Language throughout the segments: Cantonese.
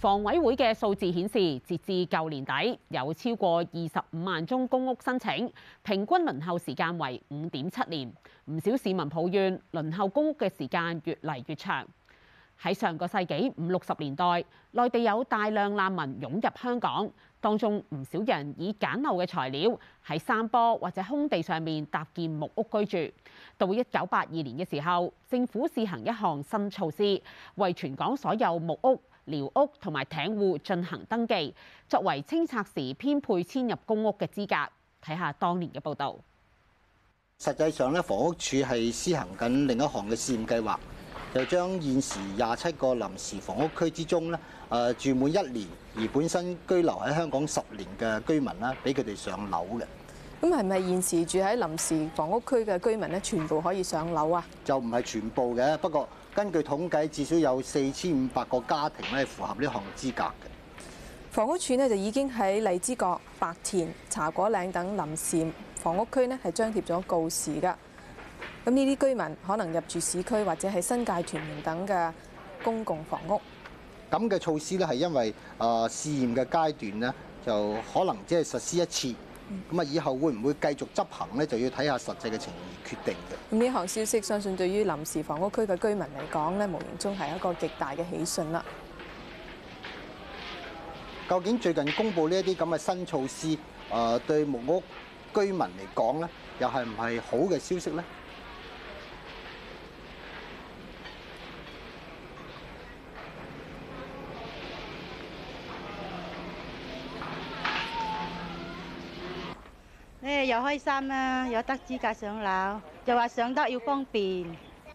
房委會嘅數字顯示，截至舊年底有超過二十五萬宗公屋申請，平均輪候時間為五點七年。唔少市民抱怨輪候公屋嘅時間越嚟越長。喺上個世紀五六十年代，內地有大量難民湧入香港，當中唔少人以簡陋嘅材料喺山坡或者空地上面搭建木屋居住。到一九八二年嘅時候，政府試行一項新措施，為全港所有木屋、寮屋同埋艇戶進行登記，作為清拆時編配遷入公屋嘅資格。睇下當年嘅報導。實際上咧，房屋署係施行緊另一項嘅試驗計劃，就將現時廿七個臨時房屋區之中咧，誒住滿一年而本身居留喺香港十年嘅居民啦，俾佢哋上樓嘅。咁係咪現時住喺臨時房屋區嘅居民咧，全部可以上樓啊？就唔係全部嘅，不過根據統計，至少有四千五百個家庭咧符合呢項資格。房屋處呢，就已經喺荔枝角、白田、茶果嶺等臨時房屋區呢，係張貼咗告示噶。咁呢啲居民可能入住市區或者係新界屯門等嘅公共房屋。咁嘅措施咧係因為誒試驗嘅階段呢，就可能只係實施一次。咁啊，嗯、以後會唔會繼續執行咧？就要睇下實際嘅情況而決定嘅。咁呢項消息，相信對於臨時房屋區嘅居民嚟講咧，無形中係一個極大嘅喜訊啦。究竟最近公布呢一啲咁嘅新措施，誒、呃、對木屋居民嚟講咧，又係唔係好嘅消息咧？又開心啦，有得資格上樓，又話上得要方便。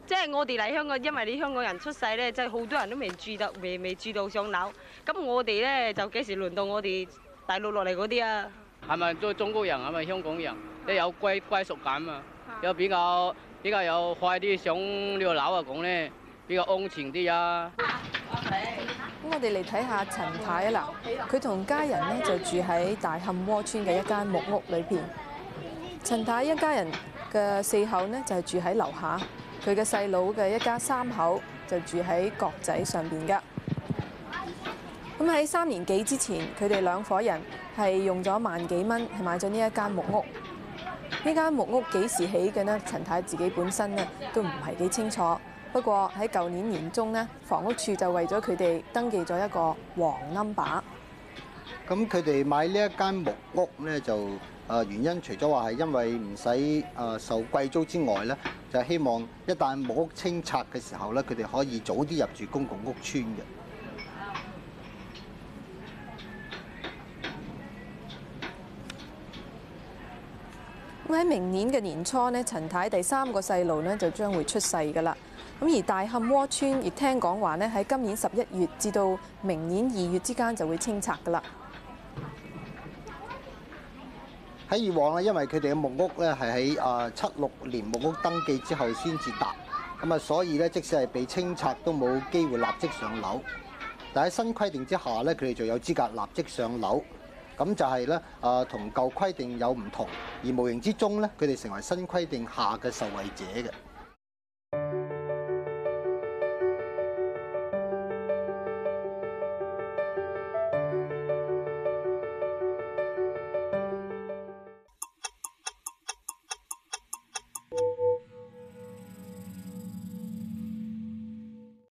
即係我哋嚟香港，因為你香港人出世咧，即係好多人都未住得未未住到上樓。咁我哋咧就幾時輪到我哋大陸落嚟嗰啲啊？係咪中中國人啊？係咪香港人，即係有歸歸屬感啊！又比較比較有快啲上呢個樓啊，講咧比較安全啲啊。咁我哋嚟睇下陳太啊啦，佢同家人咧就住喺大磡窩村嘅一間木屋裏邊。陳太一家人嘅四口呢，就係住喺樓下；佢嘅細佬嘅一家三口就住喺閣仔上邊嘅。咁喺三年幾之前，佢哋兩伙人係用咗萬幾蚊，係買咗呢一間木屋。呢間木屋幾時起嘅呢？陳太自己本身呢都唔係幾清楚。不過喺舊年年中呢，房屋處就為咗佢哋登記咗一個黃 number。咁佢哋買呢一間木屋咧，就啊原因除咗話係因為唔使啊受貴租之外咧，就希望一旦木屋清拆嘅時候咧，佢哋可以早啲入住公共屋邨嘅。咁喺明年嘅年初咧，陳太第三個細路咧就將會出世㗎喇。咁而大磡窩村亦聽講話咧，喺今年十一月至到明年二月之間就會清拆㗎喇。喺以往咧，因為佢哋嘅木屋咧係喺啊七六年木屋登記之後先至搭，咁啊所以咧即使係被清拆都冇機會立即上樓。但喺新規定之下咧，佢哋就有資格立即上樓。咁就係咧啊同舊規定有唔同，而無形之中咧，佢哋成為新規定下嘅受惠者嘅。